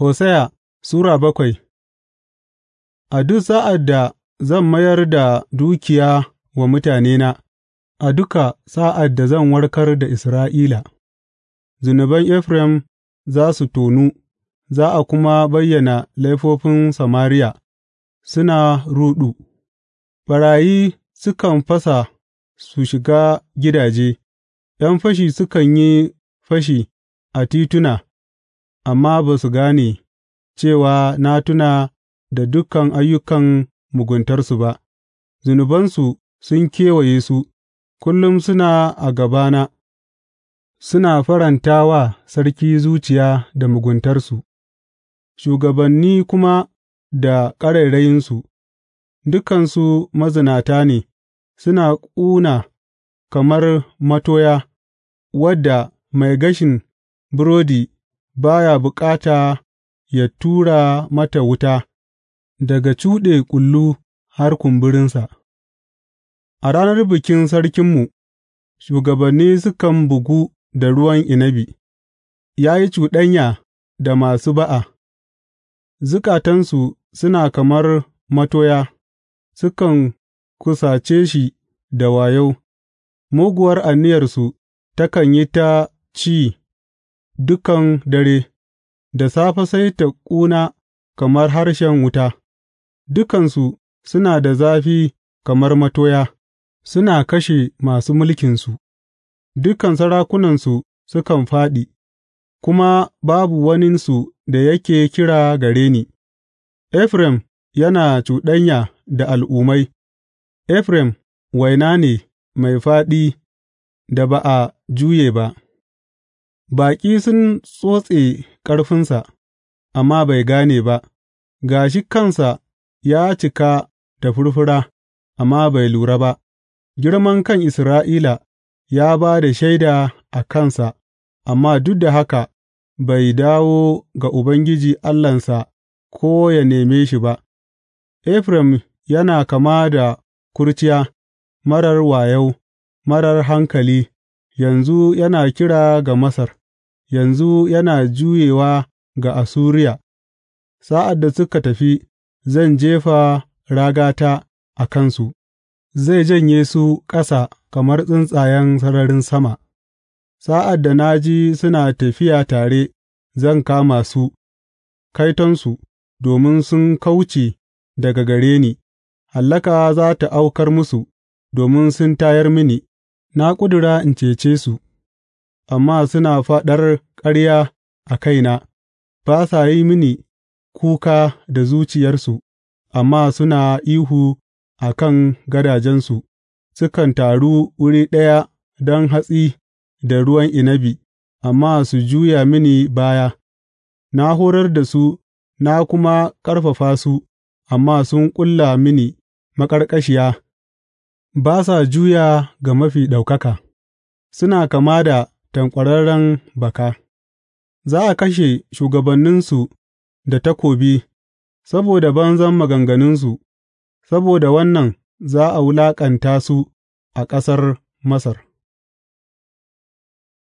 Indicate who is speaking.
Speaker 1: Hosiya Sura bakwai A duk sa'ad da zan mayar da dukiya wa mutanena, a duka sa'ad da zan warkar da Isra'ila, zunuban Efraim za su tonu, za a kuma bayyana laifofin Samariya suna ruɗu, ɓarayi sukan fasa su shiga gidaje, ’yan fashi sukan yi fashi a tituna. amma ba su gane cewa na tuna da dukan ayyukan muguntarsu ba; zunubansu sun kewaye su, kullum suna a gabana, suna faranta wa sarki zuciya da muguntarsu, shugabanni kuma da ƙarairayinsu, dukansu mazinata ne, suna ƙuna kamar matoya wadda mai gashin burodi. ba ya bukata ya tura mata wuta daga cuɗe kullu har kumburinsa. A ranar bikin sarkinmu, shugabanni sukan bugu da ruwan inabi, ya yi cuɗanya da masu ba'a, zukatansu suna kamar matoya, sukan kusace shi da wayo, muguwar aniyarsu takan yi ta ci. dukan dare, da safe sai ta ƙuna kamar harshen wuta, dukansu suna da zafi kamar matoya, suna kashe masu mulkinsu, dukan sarakunansu sukan fāɗi, kuma babu waninsu da yake kira gare ni. Efraim yana cuɗanya da al'ummai, Efraim waina ne mai fāɗi da ba a juye ba. Baƙi sun tsotse ƙarfinsa, amma bai gane ba; ga shi kansa ya cika da furfura, amma bai lura ba; girman kan Isra'ila ya ba da shaida a kansa, amma duk da haka bai dawo ga Ubangiji Allahnsa ko ya neme shi ba; Efraim yana kama da kurciya, marar wayau, marar hankali, yanzu yana kira ga Masar. yanzu yana juyewa ga Assuriya, sa'ad da suka tafi, zan jefa ragata a kansu, zai janye su ƙasa kamar tsuntsayen sararin sama, sa'ad da na ji suna tafiya tare, zan kama su, kaitonsu, domin sun kauce daga gare ni, hallaka za ta aukar musu, domin sun tayar mini, na ƙudura in cece su. amma suna faɗar ƙarya a kaina; ba sa yi mini kuka da zuciyarsu, amma suna ihu a kan gadajensu; sukan taru wuri ɗaya don hatsi da ruwan inabi, amma su juya mini baya; na horar da su na kuma ƙarfafa su, amma sun ƙulla mini maƙarƙashiya ba sa juya ga Mafi Ɗaukaka; suna kama da tanƙwararren baka; za a kashe shugabanninsu da takobi saboda banzan maganganunsu, saboda wannan za a wulaƙanta su a ƙasar Masar.